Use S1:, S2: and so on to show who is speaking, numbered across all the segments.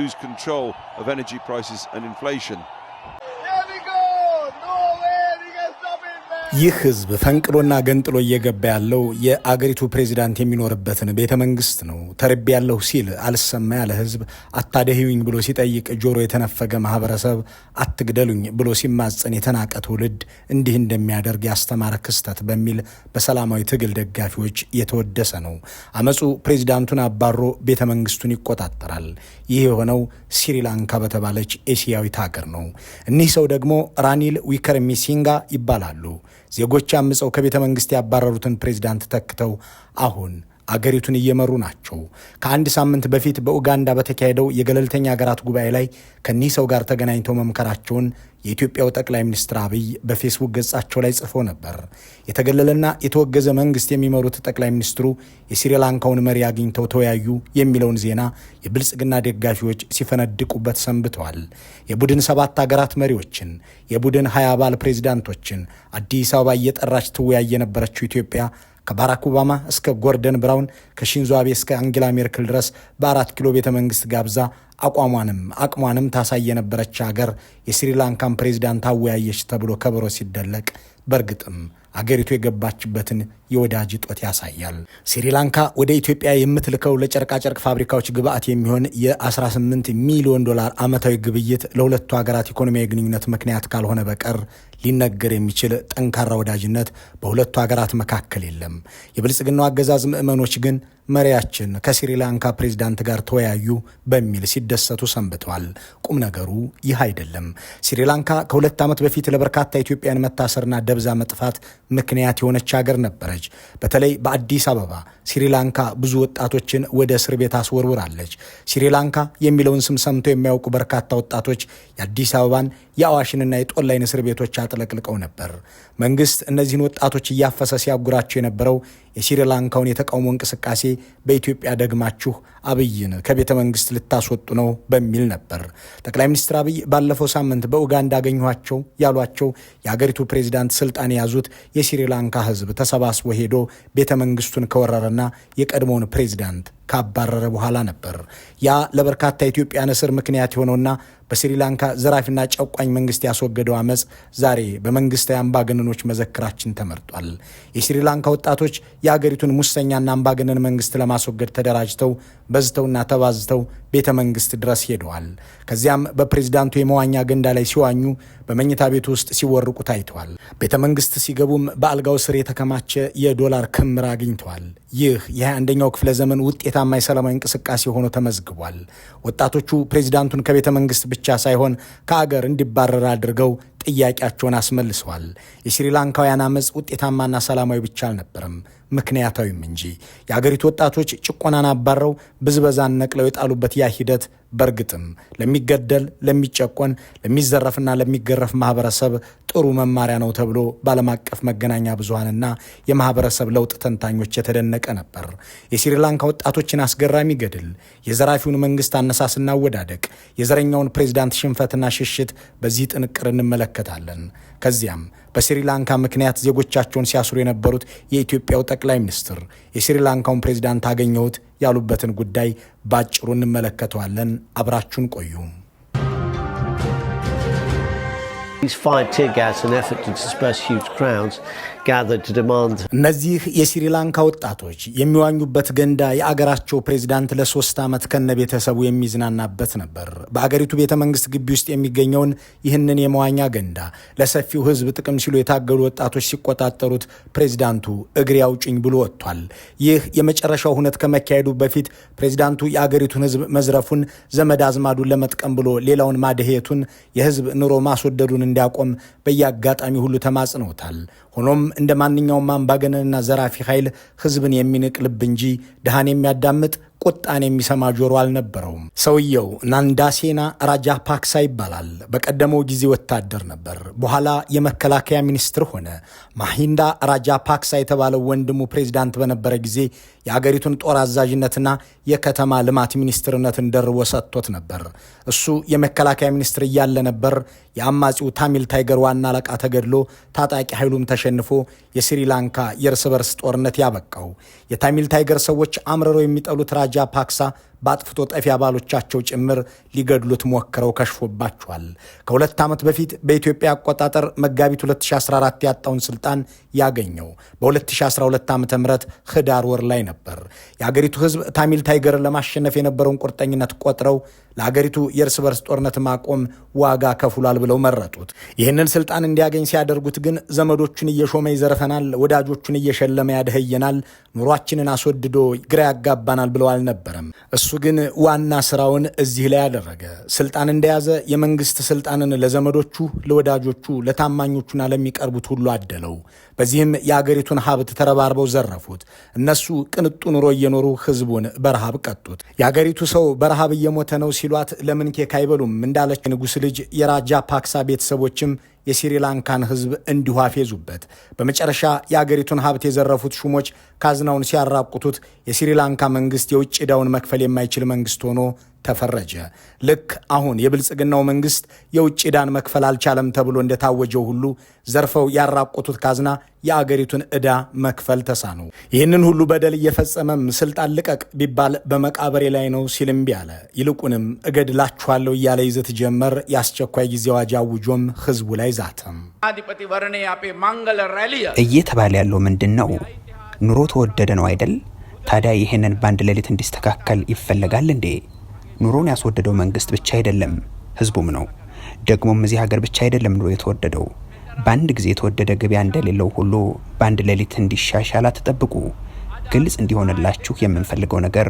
S1: lose control of energy prices and inflation. ይህ ህዝብ ፈንቅሎና ገንጥሎ እየገባ ያለው የአገሪቱ ፕሬዚዳንት የሚኖርበትን ቤተ መንግስት ነው። ተርቤ ያለሁ ሲል አልሰማ ያለ ህዝብ፣ አታደህዩኝ ብሎ ሲጠይቅ ጆሮ የተነፈገ ማህበረሰብ፣ አትግደሉኝ ብሎ ሲማጸን የተናቀ ትውልድ እንዲህ እንደሚያደርግ ያስተማረ ክስተት በሚል በሰላማዊ ትግል ደጋፊዎች የተወደሰ ነው። አመፁ ፕሬዚዳንቱን አባሮ ቤተ መንግስቱን ይቆጣጠራል። ይህ የሆነው ስሪላንካ በተባለች ኤሲያዊት ሀገር ነው። እኒህ ሰው ደግሞ ራኒል ዊከርሚሲንጋ ይባላሉ። ዜጎች አምፀው ከቤተ መንግስት ያባረሩትን ፕሬዚዳንት ተክተው አሁን አገሪቱን እየመሩ ናቸው። ከአንድ ሳምንት በፊት በኡጋንዳ በተካሄደው የገለልተኛ አገራት ጉባኤ ላይ ከኒህ ሰው ጋር ተገናኝተው መምከራቸውን የኢትዮጵያው ጠቅላይ ሚኒስትር አብይ በፌስቡክ ገጻቸው ላይ ጽፎ ነበር። የተገለለና የተወገዘ መንግስት የሚመሩት ጠቅላይ ሚኒስትሩ የስሪላንካውን መሪ አግኝተው ተወያዩ የሚለውን ዜና የብልጽግና ደጋፊዎች ሲፈነድቁበት ሰንብተዋል። የቡድን ሰባት አገራት መሪዎችን፣ የቡድን ሀያ አባል ፕሬዚዳንቶችን አዲስ አበባ እየጠራች ትወያየ የነበረችው ኢትዮጵያ ከባራክ ኦባማ እስከ ጎርደን ብራውን ከሺንዞ አቤ እስከ አንጌላ ሜርክል ድረስ በአራት ኪሎ ቤተ መንግስት ጋብዛ አቋሟንም አቅሟንም ታሳይ የነበረች ሀገር የስሪላንካን ፕሬዚዳንት አወያየች ተብሎ ከበሮ ሲደለቅ በእርግጥም አገሪቱ የገባችበትን የወዳጅ ጦት ያሳያል። ስሪላንካ ወደ ኢትዮጵያ የምትልከው ለጨርቃጨርቅ ፋብሪካዎች ግብአት የሚሆን የ18 ሚሊዮን ዶላር ዓመታዊ ግብይት ለሁለቱ ሀገራት ኢኮኖሚያዊ ግንኙነት ምክንያት ካልሆነ በቀር ሊነገር የሚችል ጠንካራ ወዳጅነት በሁለቱ ሀገራት መካከል የለም። የብልጽግናው አገዛዝ ምዕመኖች ግን መሪያችን ከስሪላንካ ፕሬዝዳንት ጋር ተወያዩ በሚል ሲደሰቱ ሰንብተዋል። ቁም ነገሩ ይህ አይደለም። ስሪላንካ ከሁለት ዓመት በፊት ለበርካታ ኢትዮጵያን መታሰርና ደብዛ መጥፋት ምክንያት የሆነች ሀገር ነበረች። በተለይ በአዲስ አበባ ስሪላንካ ብዙ ወጣቶችን ወደ እስር ቤት አስወርውራለች። ስሪላንካ የሚለውን ስም ሰምተው የሚያውቁ በርካታ ወጣቶች የአዲስ አበባን የአዋሽንና የጦላይን እስር ቤቶች አጥለቅልቀው ነበር። መንግስት እነዚህን ወጣቶች እያፈሰ ሲያጉራቸው የነበረው የስሪላንካውን የተቃውሞ እንቅስቃሴ በኢትዮጵያ ደግማችሁ አብይን ከቤተ መንግስት ልታስወጡ ነው በሚል ነበር። ጠቅላይ ሚኒስትር አብይ ባለፈው ሳምንት በኡጋንዳ አገኘኋቸው ያሏቸው የአገሪቱ ፕሬዚዳንት ስልጣን የያዙት የስሪላንካ ህዝብ ተሰባስቦ ሄዶ ቤተ መንግስቱን ከወረረና የቀድሞውን ፕሬዚዳንት ካባረረ በኋላ ነበር። ያ ለበርካታ ኢትዮጵያን እስር ምክንያት የሆነውና በስሪላንካ ዘራፊና ጨቋኝ መንግስት ያስወገደው አመፅ ዛሬ በመንግስታዊ አምባገነኖች መዘክራችን ተመርጧል። የስሪላንካ ወጣቶች የአገሪቱን ሙሰኛና አምባገነን መንግስት ለማስወገድ ተደራጅተው በዝተውና ተባዝተው ቤተ መንግስት ድረስ ሄደዋል። ከዚያም በፕሬዚዳንቱ የመዋኛ ገንዳ ላይ ሲዋኙ፣ በመኝታ ቤቱ ውስጥ ሲወርቁ ታይተዋል። ቤተ መንግስት ሲገቡም በአልጋው ስር የተከማቸ የዶላር ክምር አግኝተዋል። ይህ የ21ኛው ክፍለ ዘመን ውጤታ ውጤታማ የሰላማዊ እንቅስቃሴ ሆኖ ተመዝግቧል። ወጣቶቹ ፕሬዚዳንቱን ከቤተ መንግስት ብቻ ሳይሆን ከአገር እንዲባረር አድርገው ጥያቄያቸውን አስመልሰዋል። የስሪላንካውያን አመፅ ውጤታማና ሰላማዊ ብቻ አልነበረም፣ ምክንያታዊም እንጂ የአገሪቱ ወጣቶች ጭቆናን አባረው ብዝበዛን ነቅለው የጣሉበት ያ ሂደት በእርግጥም ለሚገደል፣ ለሚጨቆን፣ ለሚዘረፍና ለሚገረፍ ማህበረሰብ ጥሩ መማሪያ ነው ተብሎ በዓለም አቀፍ መገናኛ ብዙሃንና የማህበረሰብ ለውጥ ተንታኞች የተደነቀ ነበር። የስሪላንካ ወጣቶችን አስገራሚ ገድል፣ የዘራፊውን መንግስት አነሳስና አወዳደቅ፣ የዘረኛውን ፕሬዚዳንት ሽንፈትና ሽሽት በዚህ ጥንቅር እንመለከ እንመለከታለን። ከዚያም በስሪላንካ ምክንያት ዜጎቻቸውን ሲያስሩ የነበሩት የኢትዮጵያው ጠቅላይ ሚኒስትር የስሪላንካውን ፕሬዚዳንት አገኘሁት ያሉበትን ጉዳይ ባጭሩ እንመለከተዋለን። አብራችሁን ቆዩ። tear gas in an effort to disperse huge crowds እነዚህ የስሪላንካ ወጣቶች የሚዋኙበት ገንዳ የአገራቸው ፕሬዝዳንት ለሶስት ዓመት ከነ ቤተሰቡ የሚዝናናበት ነበር። በአገሪቱ ቤተ መንግስት ግቢ ውስጥ የሚገኘውን ይህንን የመዋኛ ገንዳ ለሰፊው ህዝብ ጥቅም ሲሉ የታገሉ ወጣቶች ሲቆጣጠሩት ፕሬዝዳንቱ እግሬ አውጭኝ ብሎ ወጥቷል። ይህ የመጨረሻው ሁነት ከመካሄዱ በፊት ፕሬዝዳንቱ የአገሪቱን ህዝብ መዝረፉን፣ ዘመድ አዝማዱን ለመጥቀም ብሎ ሌላውን ማደሄቱን፣ የህዝብ ኑሮ ማስወደዱን እንዲ እንዲያቆም በየአጋጣሚ ሁሉ ተማጽነውታል። ሆኖም እንደ ማንኛውም አምባገነንና ዘራፊ ኃይል ህዝብን የሚንቅ ልብ እንጂ ድሃን የሚያዳምጥ ቁጣን የሚሰማ ጆሮ አልነበረውም። ሰውየው ናንዳሴና ፓክሳ ይባላል። በቀደመው ጊዜ ወታደር ነበር። በኋላ የመከላከያ ሚኒስትር ሆነ። ማሂንዳ ራጃ ፓክሳ የተባለው ወንድሙ ፕሬዚዳንት በነበረ ጊዜ የአገሪቱን ጦር አዛዥነትና የከተማ ልማት ሚኒስትርነትን ደርቦ ሰጥቶት ነበር። እሱ የመከላከያ ሚኒስትር እያለ ነበር የአማጺው ታሚል ታይገር ዋና አለቃ ተገድሎ ታጣቂ ኃይሉም ተሸንፎ የስሪላንካ የእርስ በርስ ጦርነት ያበቃው። የታሚል ታይገር ሰዎች አምርረው የሚጠሉት ፓክሳ በአጥፍቶ ጠፊ አባሎቻቸው ጭምር ሊገድሉት ሞክረው ከሽፎባቸዋል። ከሁለት ዓመት በፊት በኢትዮጵያ አቆጣጠር መጋቢት 2014 ያጣውን ስልጣን ያገኘው በ2012 ዓ ም ህዳር ወር ላይ ነበር። የአገሪቱ ህዝብ ታሚል ታይገርን ለማሸነፍ የነበረውን ቁርጠኝነት ቆጥረው ለሀገሪቱ የእርስ በርስ ጦርነት ማቆም ዋጋ ከፍሏል ብለው መረጡት። ይህንን ስልጣን እንዲያገኝ ሲያደርጉት ግን ዘመዶቹን እየሾመ ይዘርፈናል፣ ወዳጆቹን እየሸለመ ያደህየናል፣ ኑሯችንን አስወድዶ ግራ ያጋባናል ብለው አልነበረም። እሱ ግን ዋና ስራውን እዚህ ላይ አደረገ። ስልጣን እንደያዘ የመንግስት ስልጣንን ለዘመዶቹ፣ ለወዳጆቹ፣ ለታማኞቹና ለሚቀርቡት ሁሉ አደለው። በዚህም የአገሪቱን ሀብት ተረባርበው ዘረፉት። እነሱ ቅንጡ ኑሮ እየኖሩ ህዝቡን በረሃብ ቀጡት። የአገሪቱ ሰው በረሃብ እየሞተ ነው ሲሏት ለምን ኬክ አይበሉም እንዳለች ንጉሥ ልጅ የራጃ ፓክሳ ቤተሰቦችም የስሪላንካን ሕዝብ እንዲሁ አፌዙበት። በመጨረሻ የአገሪቱን ሀብት የዘረፉት ሹሞች ካዝናውን ሲያራቁቱት የሲሪላንካ መንግስት የውጭ ዕዳውን መክፈል የማይችል መንግስት ሆኖ ተፈረጀ። ልክ አሁን የብልጽግናው መንግስት የውጭ ዕዳን መክፈል አልቻለም ተብሎ እንደታወጀው ሁሉ ዘርፈው ያራቆቱት ካዝና የአገሪቱን ዕዳ መክፈል ተሳኑ። ይህንን ሁሉ በደል እየፈጸመም ስልጣን ልቀቅ ቢባል በመቃብሬ ላይ ነው ሲል እምቢ አለ። ይልቁንም እገድላችኋለሁ እያለ ይዘት ጀመር። የአስቸኳይ ጊዜ አዋጅ አውጆም ህዝቡ ላይ ዛተም።
S2: እየተባለ ያለው ምንድን ነው? ኑሮ ተወደደ ነው አይደል? ታዲያ ይህንን በአንድ ሌሊት እንዲስተካከል ይፈለጋል እንዴ? ኑሮን ያስወደደው መንግስት ብቻ አይደለም፣ ህዝቡም ነው። ደግሞም እዚህ ሀገር ብቻ አይደለም ኑሮ የተወደደው። በአንድ ጊዜ የተወደደ ገበያ እንደሌለው ሁሉ በአንድ ሌሊት እንዲሻሻል አትጠብቁ። ግልጽ እንዲሆንላችሁ የምንፈልገው ነገር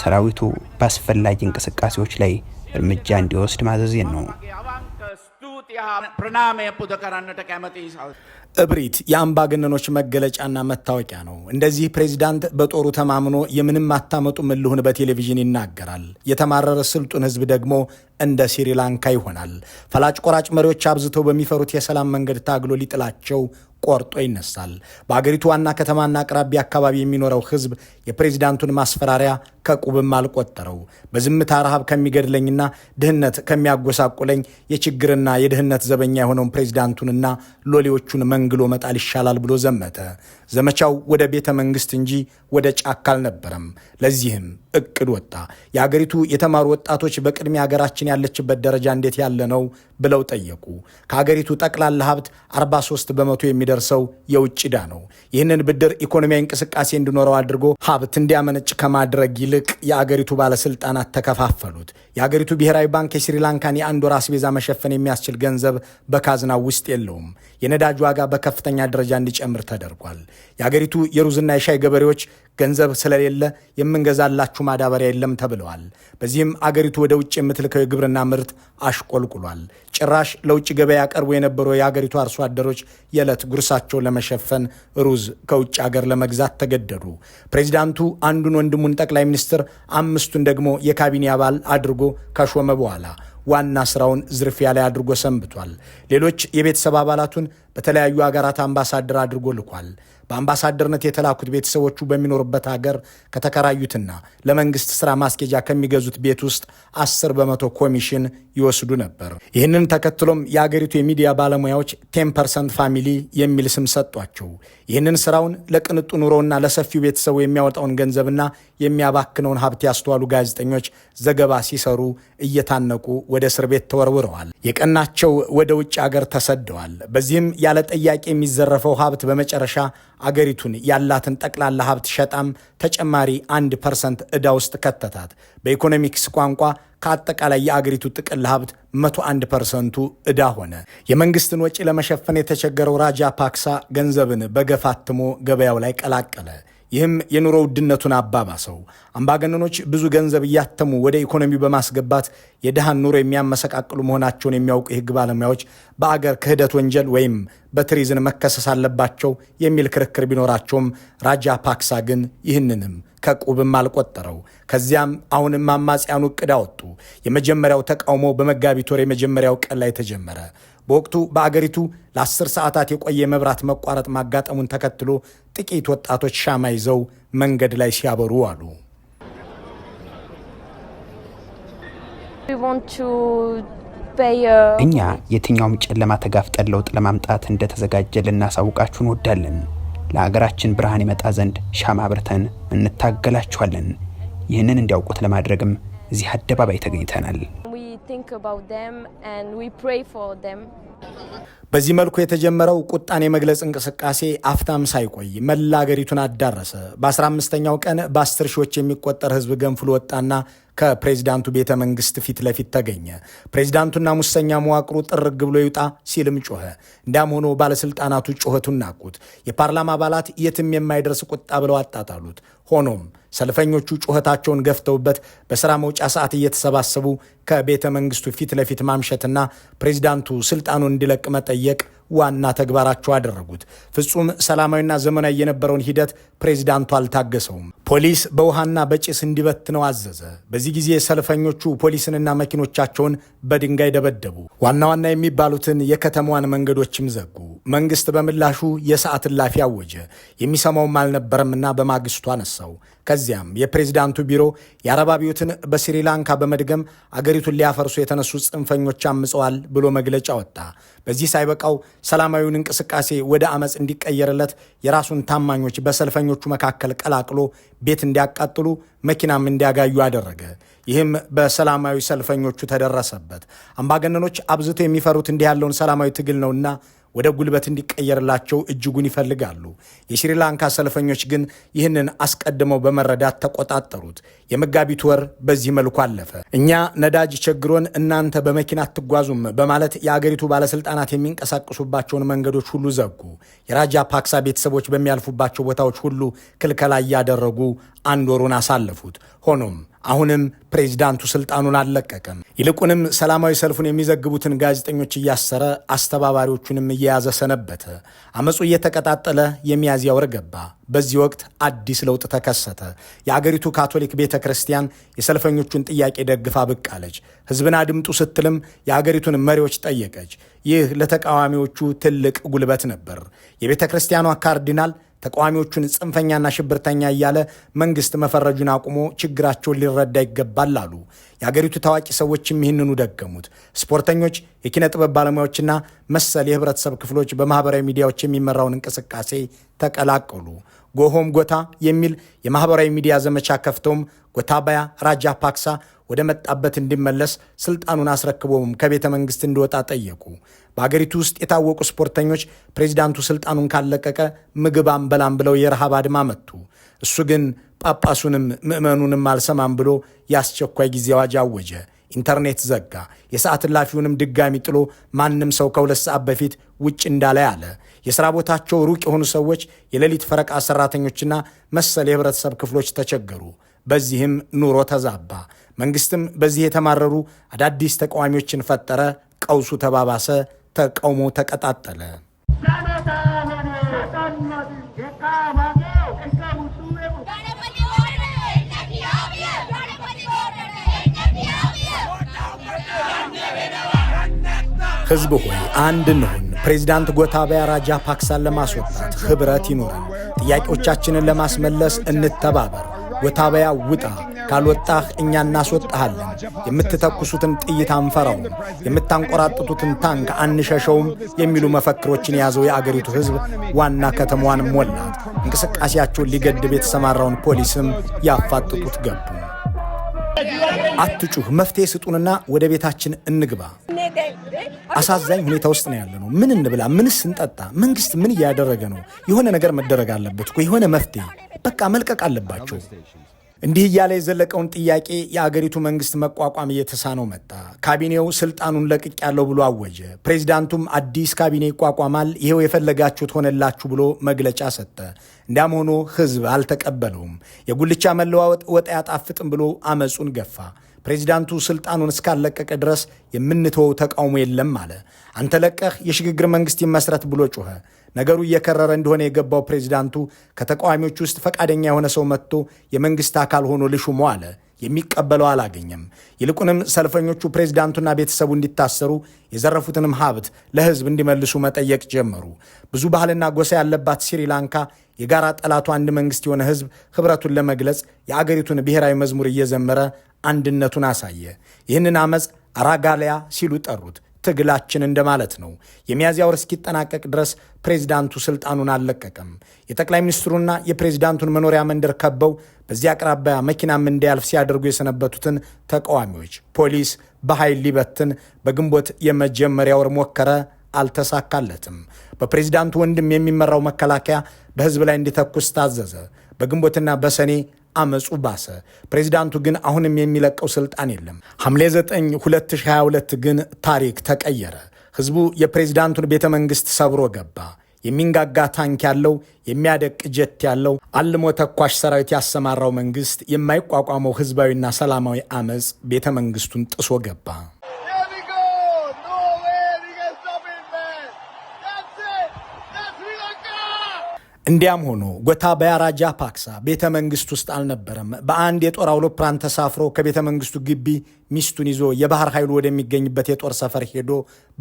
S2: ሰራዊቱ በአስፈላጊ እንቅስቃሴዎች ላይ እርምጃ እንዲወስድ ማዘዜን ነው።
S1: እብሪት የአምባገነኖች መገለጫና መታወቂያ ነው። እንደዚህ ፕሬዚዳንት በጦሩ ተማምኖ የምንም አታመጡ ምልሁን በቴሌቪዥን ይናገራል። የተማረረ ስልጡን ህዝብ ደግሞ እንደ ሲሪላንካ ይሆናል። ፈላጭ ቆራጭ መሪዎች አብዝተው በሚፈሩት የሰላም መንገድ ታግሎ ሊጥላቸው ቆርጦ ይነሳል። በአገሪቱ ዋና ከተማና አቅራቢያ አካባቢ የሚኖረው ህዝብ የፕሬዚዳንቱን ማስፈራሪያ ከቁብም አልቆጠረው። በዝምታ ረሃብ ከሚገድለኝና ድህነት ከሚያጎሳቁለኝ የችግርና የድህነት ዘበኛ የሆነውን ፕሬዚዳንቱንና ሎሌዎቹን መንግሎ መጣል ይሻላል ብሎ ዘመተ። ዘመቻው ወደ ቤተ መንግስት እንጂ ወደ ጫካ አልነበረም። ለዚህም እቅድ ወጣ። የአገሪቱ የተማሩ ወጣቶች በቅድሚያ ሀገራችን ያለችበት ደረጃ እንዴት ያለ ነው ብለው ጠየቁ። ከአገሪቱ ጠቅላላ ሀብት 43 በመቶ የሚደርሰው የውጭ ዕዳ ነው። ይህንን ብድር ኢኮኖሚያዊ እንቅስቃሴ እንዲኖረው አድርጎ ሀብት እንዲያመነጭ ከማድረግ ይልቅ የአገሪቱ ባለስልጣናት ተከፋፈሉት። የአገሪቱ ብሔራዊ ባንክ የስሪላንካን የአንድ ወር አስቤዛ መሸፈን የሚያስችል ገንዘብ በካዝናው ውስጥ የለውም። የነዳጅ ዋጋ በከፍተኛ ደረጃ እንዲጨምር ተደርጓል። የአገሪቱ የሩዝና የሻይ ገበሬዎች ገንዘብ ስለሌለ የምንገዛላችሁ ማዳበሪያ የለም ተብለዋል። በዚህም አገሪቱ ወደ ውጭ የምትልከው የግብርና ምርት አሽቆልቁሏል። ጭራሽ ለውጭ ገበያ ያቀርቡ የነበሩ የአገሪቱ አርሶ አደሮች የዕለት ጉርሳቸው ለመሸፈን ሩዝ ከውጭ አገር ለመግዛት ተገደዱ። ፕሬዚዳንቱ አንዱን ወንድሙን ጠቅላይ ሚኒስትር፣ አምስቱን ደግሞ የካቢኔ አባል አድርጎ ከሾመ በኋላ ዋና ስራውን ዝርፊያ ላይ አድርጎ ሰንብቷል። ሌሎች የቤተሰብ አባላቱን በተለያዩ ሀገራት አምባሳደር አድርጎ ልኳል። በአምባሳደርነት የተላኩት ቤተሰቦቹ በሚኖሩበት ሀገር ከተከራዩትና ለመንግስት ስራ ማስኬጃ ከሚገዙት ቤት ውስጥ አስር በመቶ ኮሚሽን ይወስዱ ነበር። ይህንን ተከትሎም የአገሪቱ የሚዲያ ባለሙያዎች ቴን ፐርሰንት ፋሚሊ የሚል ስም ሰጧቸው። ይህንን ስራውን ለቅንጡ ኑሮውና ለሰፊው ቤተሰቡ የሚያወጣውን ገንዘብና የሚያባክነውን ሀብት ያስተዋሉ ጋዜጠኞች ዘገባ ሲሰሩ እየታነቁ ወደ እስር ቤት ተወርውረዋል። የቀናቸው ወደ ውጭ አገር ተሰደዋል። በዚህም ያለ ጠያቂ የሚዘረፈው ሀብት በመጨረሻ አገሪቱን ያላትን ጠቅላላ ሀብት ሸጣም ተጨማሪ አንድ ፐርሰንት ዕዳ ውስጥ ከተታት። በኢኮኖሚክስ ቋንቋ ከአጠቃላይ የአገሪቱ ጥቅል ሀብት 101 ፐርሰንቱ ዕዳ ሆነ። የመንግስትን ወጪ ለመሸፈን የተቸገረው ራጃ ፓክሳ ገንዘብን በገፋትሞ ገበያው ላይ ቀላቀለ። ይህም የኑሮ ውድነቱን አባባሰው። አምባገነኖች ብዙ ገንዘብ እያተሙ ወደ ኢኮኖሚ በማስገባት የድሃን ኑሮ የሚያመሰቃቅሉ መሆናቸውን የሚያውቁ የህግ ባለሙያዎች በአገር ክህደት ወንጀል ወይም በትሪዝን መከሰስ አለባቸው የሚል ክርክር ቢኖራቸውም ራጃ ፓክሳ ግን ይህንንም ከቁብም አልቆጠረው። ከዚያም አሁንም አማጽያኑ እቅድ አወጡ። የመጀመሪያው ተቃውሞ በመጋቢት ወር የመጀመሪያው ቀን ላይ ተጀመረ። በወቅቱ በአገሪቱ ለአስር ሰዓታት የቆየ መብራት መቋረጥ ማጋጠሙን ተከትሎ ጥቂት ወጣቶች ሻማ ይዘው መንገድ ላይ ሲያበሩ አሉ።
S2: uh, እኛ የትኛውም ጨለማ ተጋፍጠን ለውጥ ለማምጣት እንደተዘጋጀ ልናሳውቃችሁ እንወዳለን። ለአገራችን ብርሃን ይመጣ ዘንድ ሻማ አብርተን እንታገላችኋለን። ይህንን እንዲያውቁት ለማድረግም እዚህ አደባባይ ተገኝተናል።
S1: በዚህ መልኩ የተጀመረው ቁጣን የመግለጽ እንቅስቃሴ አፍታም ሳይቆይ መላ አገሪቱን አዳረሰ። በ15ኛው ቀን በአስር ሺዎች የሚቆጠር ህዝብ ገንፍሎ ወጣና ከፕሬዚዳንቱ ቤተ መንግስት ፊት ለፊት ተገኘ። ፕሬዚዳንቱና ሙሰኛ መዋቅሩ ጥርግ ብሎ ይውጣ ሲልም ጮኸ። እንዲያም ሆኖ ባለሥልጣናቱ ጩኸቱን ናቁት። የፓርላማ አባላት የትም የማይደርስ ቁጣ ብለው አጣጣሉት። ሆኖም ሰልፈኞቹ ጩኸታቸውን ገፍተውበት በሥራ መውጫ ሰዓት እየተሰባሰቡ ከቤተ መንግሥቱ ፊት ለፊት ማምሸትና ፕሬዚዳንቱ ሥልጣኑን እንዲለቅ መጠየቅ ዋና ተግባራቸው አደረጉት። ፍጹም ሰላማዊና ዘመናዊ የነበረውን ሂደት ፕሬዚዳንቱ አልታገሰውም። ፖሊስ በውሃና በጭስ እንዲበትነው አዘዘ። በዚህ ጊዜ ሰልፈኞቹ ፖሊስንና መኪኖቻቸውን በድንጋይ ደበደቡ። ዋና ዋና የሚባሉትን የከተማዋን መንገዶችም ዘጉ። መንግስት በምላሹ የሰዓት እላፊ አወጀ። የሚሰማውም አልነበረምና በማግስቱ አነሳው። ከዚያም የፕሬዚዳንቱ ቢሮ የአረብ አብዮትን በስሪላንካ በመድገም አገሪቱን ሊያፈርሱ የተነሱ ጽንፈኞች አምፀዋል ብሎ መግለጫ ወጣ። በዚህ ሳይበቃው ሰላማዊውን እንቅስቃሴ ወደ አመፅ እንዲቀየርለት የራሱን ታማኞች በሰልፈኞቹ መካከል ቀላቅሎ ቤት እንዲያቃጥሉ መኪናም እንዲያጋዩ አደረገ። ይህም በሰላማዊ ሰልፈኞቹ ተደረሰበት። አምባገነኖች አብዝቶ የሚፈሩት እንዲህ ያለውን ሰላማዊ ትግል ነውና ወደ ጉልበት እንዲቀየርላቸው እጅጉን ይፈልጋሉ። የሽሪላንካ ሰልፈኞች ግን ይህንን አስቀድመው በመረዳት ተቆጣጠሩት። የመጋቢት ወር በዚህ መልኩ አለፈ። እኛ ነዳጅ ቸግሮን እናንተ በመኪና አትጓዙም በማለት የአገሪቱ ባለስልጣናት የሚንቀሳቀሱባቸውን መንገዶች ሁሉ ዘጉ። የራጃ ፓክሳ ቤተሰቦች በሚያልፉባቸው ቦታዎች ሁሉ ክልከላ እያደረጉ አንድ ወሩን አሳለፉት። ሆኖም አሁንም ፕሬዚዳንቱ ስልጣኑን አልለቀቀም። ይልቁንም ሰላማዊ ሰልፉን የሚዘግቡትን ጋዜጠኞች እያሰረ አስተባባሪዎቹንም እየያዘ ሰነበተ። አመፁ እየተቀጣጠለ የሚያዝያ ወር ገባ። በዚህ ወቅት አዲስ ለውጥ ተከሰተ። የአገሪቱ ካቶሊክ ቤተ ክርስቲያን የሰልፈኞቹን ጥያቄ ደግፋ ብቅ አለች። ሕዝብን አድምጡ ስትልም የአገሪቱን መሪዎች ጠየቀች። ይህ ለተቃዋሚዎቹ ትልቅ ጉልበት ነበር። የቤተ ክርስቲያኗ ካርዲናል ተቃዋሚዎቹን ጽንፈኛና ሽብርተኛ እያለ መንግስት መፈረጁን አቁሞ ችግራቸውን ሊረዳ ይገባል አሉ። የአገሪቱ ታዋቂ ሰዎችም ይህንኑ ደገሙት። ስፖርተኞች፣ የኪነ ጥበብ ባለሙያዎችና መሰል የህብረተሰብ ክፍሎች በማህበራዊ ሚዲያዎች የሚመራውን እንቅስቃሴ ተቀላቀሉ። ጎሆም ጎታ የሚል የማህበራዊ ሚዲያ ዘመቻ ከፍተውም ጎታባያ፣ ራጃ ፓክሳ ወደ መጣበት እንዲመለስ ስልጣኑን አስረክቦም ከቤተ መንግስት እንዲወጣ ጠየቁ። በአገሪቱ ውስጥ የታወቁ ስፖርተኞች ፕሬዚዳንቱ ስልጣኑን ካለቀቀ ምግብ አንበላም ብለው የረሃብ አድማ መቱ። እሱ ግን ጳጳሱንም ምዕመኑንም አልሰማም ብሎ የአስቸኳይ ጊዜ አዋጅ አወጀ። ኢንተርኔት ዘጋ። የሰዓት እላፊውንም ድጋሚ ጥሎ ማንም ሰው ከሁለት ሰዓት በፊት ውጭ እንዳለ አለ። የሥራ ቦታቸው ሩቅ የሆኑ ሰዎች፣ የሌሊት ፈረቃ ሠራተኞችና መሰል የህብረተሰብ ክፍሎች ተቸገሩ። በዚህም ኑሮ ተዛባ። መንግስትም በዚህ የተማረሩ አዳዲስ ተቃዋሚዎችን ፈጠረ። ቀውሱ ተባባሰ። ተቃውሞ ተቀጣጠለ። ህዝብ ሆይ አንድ እንሁን። ፕሬዚዳንት ጎታባያ ራጃ ፓክሳን ለማስወጣት ኅብረት ይኑረን። ጥያቄዎቻችንን ለማስመለስ እንተባበር። ጎታባያ ውጣ! ካልወጣህ እኛ እናስወጣሃለን። የምትተኩሱትን ጥይት አንፈራውም፣ የምታንቆራጥቱትን ታንክ አንሸሸውም የሚሉ መፈክሮችን የያዘው የአገሪቱ ሕዝብ ዋና ከተማዋን ሞላት። እንቅስቃሴያቸውን ሊገድብ የተሰማራውን ፖሊስም ያፋጥጡት ገቡ። አትጩህ፣ መፍትሄ ስጡንና ወደ ቤታችን እንግባ። አሳዛኝ ሁኔታ ውስጥ ነው ያለ ነው። ምን እንብላ? ምንስ እንጠጣ? መንግስት ምን እያደረገ ነው? የሆነ ነገር መደረግ አለበት እኮ የሆነ መፍትሄ። በቃ መልቀቅ አለባቸው። እንዲህ እያለ የዘለቀውን ጥያቄ የአገሪቱ መንግስት መቋቋም እየተሳነው መጣ። ካቢኔው ስልጣኑን ለቅቅ ያለው ብሎ አወጀ። ፕሬዚዳንቱም አዲስ ካቢኔ ይቋቋማል፣ ይኸው የፈለጋችሁት ሆነላችሁ ብሎ መግለጫ ሰጠ። እንዲያም ሆኖ ህዝብ አልተቀበለውም። የጉልቻ መለዋወጥ ወጥ አያጣፍጥም ብሎ አመፁን ገፋ። ፕሬዚዳንቱ ስልጣኑን እስካለቀቀ ድረስ የምንተወው ተቃውሞ የለም አለ። አንተ ለቀህ የሽግግር መንግስት ይመስረት ብሎ ጮኸ። ነገሩ እየከረረ እንደሆነ የገባው ፕሬዚዳንቱ ከተቃዋሚዎች ውስጥ ፈቃደኛ የሆነ ሰው መጥቶ የመንግስት አካል ሆኖ ልሹሞ አለ። የሚቀበለው አላገኘም። ይልቁንም ሰልፈኞቹ ፕሬዚዳንቱና ቤተሰቡ እንዲታሰሩ የዘረፉትንም ሀብት ለህዝብ እንዲመልሱ መጠየቅ ጀመሩ። ብዙ ባህልና ጎሳ ያለባት ስሪላንካ የጋራ ጠላቱ አንድ መንግስት የሆነ ህዝብ ህብረቱን ለመግለጽ የአገሪቱን ብሔራዊ መዝሙር እየዘመረ አንድነቱን አሳየ። ይህንን አመፅ አራጋሊያ ሲሉ ጠሩት። ትግላችን እንደማለት ነው። የሚያዝያ ወር እስኪጠናቀቅ ድረስ ፕሬዚዳንቱ ስልጣኑን አልለቀቀም። የጠቅላይ ሚኒስትሩና የፕሬዚዳንቱን መኖሪያ መንደር ከበው በዚህ አቅራቢያ መኪናም እንዲያልፍ ሲያደርጉ የሰነበቱትን ተቃዋሚዎች ፖሊስ በኃይል ሊበትን በግንቦት የመጀመሪያ ወር ሞከረ፣ አልተሳካለትም። በፕሬዚዳንቱ ወንድም የሚመራው መከላከያ በህዝብ ላይ እንዲተኩስ ታዘዘ። በግንቦትና በሰኔ አመፁ ባሰ። ፕሬዚዳንቱ ግን አሁንም የሚለቀው ስልጣን የለም። ሐምሌ 9 2022 ግን ታሪክ ተቀየረ። ህዝቡ የፕሬዚዳንቱን ቤተ መንግሥት ሰብሮ ገባ። የሚንጋጋ ታንክ ያለው የሚያደቅ ጀት ያለው አልሞ ተኳሽ ሰራዊት ያሰማራው መንግስት የማይቋቋመው ህዝባዊና ሰላማዊ አመፅ ቤተ መንግስቱን ጥሶ ገባ። እንዲያም ሆኖ ጎታባያ ፓክሳ ቤተ መንግስት ውስጥ አልነበረም። በአንድ የጦር አውሮፕላን ተሳፍሮ ከቤተ መንግስቱ ግቢ ሚስቱን ይዞ የባህር ኃይሉ ወደሚገኝበት የጦር ሰፈር ሄዶ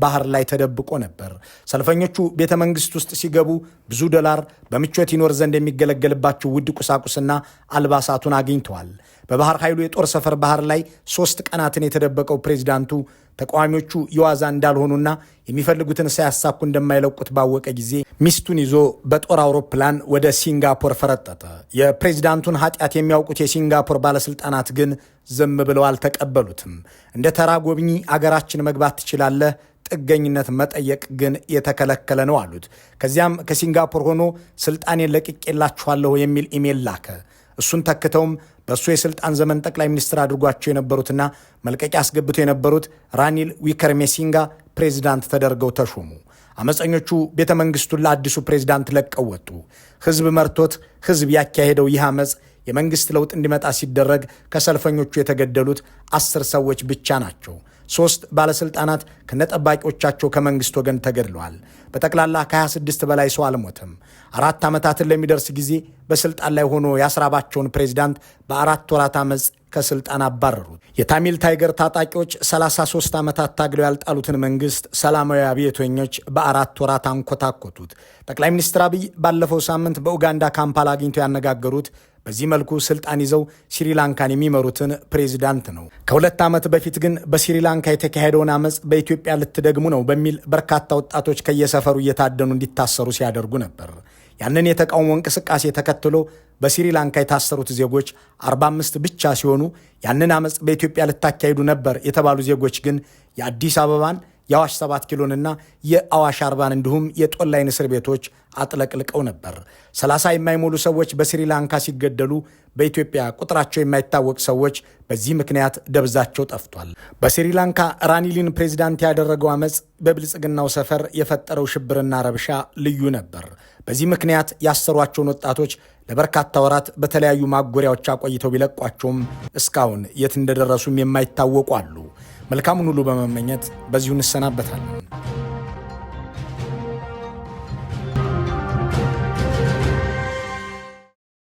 S1: ባህር ላይ ተደብቆ ነበር። ሰልፈኞቹ ቤተ መንግስት ውስጥ ሲገቡ ብዙ ዶላር፣ በምቾት ይኖር ዘንድ የሚገለገልባቸው ውድ ቁሳቁስና አልባሳቱን አግኝተዋል። በባህር ኃይሉ የጦር ሰፈር ባህር ላይ ሶስት ቀናትን የተደበቀው ፕሬዚዳንቱ ተቃዋሚዎቹ የዋዛ እንዳልሆኑና የሚፈልጉትን ሳያሳኩ እንደማይለቁት ባወቀ ጊዜ ሚስቱን ይዞ በጦር አውሮፕላን ወደ ሲንጋፖር ፈረጠጠ። የፕሬዚዳንቱን ኃጢአት የሚያውቁት የሲንጋፖር ባለስልጣናት ግን ዝም ብለው አልተቀበሉትም። እንደ ተራ ጎብኚ አገራችን መግባት ትችላለህ ጥገኝነት መጠየቅ ግን የተከለከለ ነው አሉት። ከዚያም ከሲንጋፖር ሆኖ ስልጣኔን ለቅቄላችኋለሁ የሚል ኢሜል ላከ። እሱን ተክተውም በእሱ የስልጣን ዘመን ጠቅላይ ሚኒስትር አድርጓቸው የነበሩትና መልቀቂያ አስገብቶ የነበሩት ራኒል ዊከርሜሲንጋ ፕሬዚዳንት ተደርገው ተሾሙ። አመፀኞቹ ቤተ መንግስቱን ለአዲሱ ፕሬዚዳንት ለቀው ወጡ። ህዝብ መርቶት ህዝብ ያካሄደው ይህ አመፅ የመንግስት ለውጥ እንዲመጣ ሲደረግ ከሰልፈኞቹ የተገደሉት አስር ሰዎች ብቻ ናቸው። ሶስት ባለስልጣናት ከነጠባቂዎቻቸው ከመንግስት ወገን ተገድለዋል። በጠቅላላ ከ26 በላይ ሰው አልሞትም። አራት ዓመታትን ለሚደርስ ጊዜ በስልጣን ላይ ሆኖ ያስራባቸውን ፕሬዚዳንት በአራት ወራት ዓመፅ ከስልጣን አባረሩት። የታሚል ታይገር ታጣቂዎች 33 ዓመታት ታግለው ያልጣሉትን መንግስት ሰላማዊ አብዮተኞች በአራት ወራት አንኮታኮቱት። ጠቅላይ ሚኒስትር አብይ ባለፈው ሳምንት በኡጋንዳ ካምፓላ አግኝተው ያነጋገሩት በዚህ መልኩ ስልጣን ይዘው ስሪላንካን የሚመሩትን ፕሬዚዳንት ነው። ከሁለት ዓመት በፊት ግን በስሪላንካ የተካሄደውን አመፅ በኢትዮጵያ ልትደግሙ ነው በሚል በርካታ ወጣቶች ከየሰፈሩ እየታደኑ እንዲታሰሩ ሲያደርጉ ነበር። ያንን የተቃውሞ እንቅስቃሴ ተከትሎ በስሪላንካ የታሰሩት ዜጎች 45 ብቻ ሲሆኑ ያንን አመፅ በኢትዮጵያ ልታካሂዱ ነበር የተባሉ ዜጎች ግን የአዲስ አበባን የአዋሽ ሰባት ኪሎንና የአዋሽ አርባን እንዲሁም የጦላይን እስር ቤቶች አጥለቅልቀው ነበር። 30 የማይሞሉ ሰዎች በስሪላንካ ሲገደሉ በኢትዮጵያ ቁጥራቸው የማይታወቅ ሰዎች በዚህ ምክንያት ደብዛቸው ጠፍቷል። በስሪላንካ ራኒሊን ፕሬዚዳንት ያደረገው አመፅ በብልጽግናው ሰፈር የፈጠረው ሽብርና ረብሻ ልዩ ነበር። በዚህ ምክንያት ያሰሯቸውን ወጣቶች ለበርካታ ወራት በተለያዩ ማጎሪያዎች አቆይተው ቢለቋቸውም እስካሁን የት እንደደረሱም የማይታወቁ አሉ። መልካሙን ሁሉ በመመኘት በዚሁ እንሰናበታለን።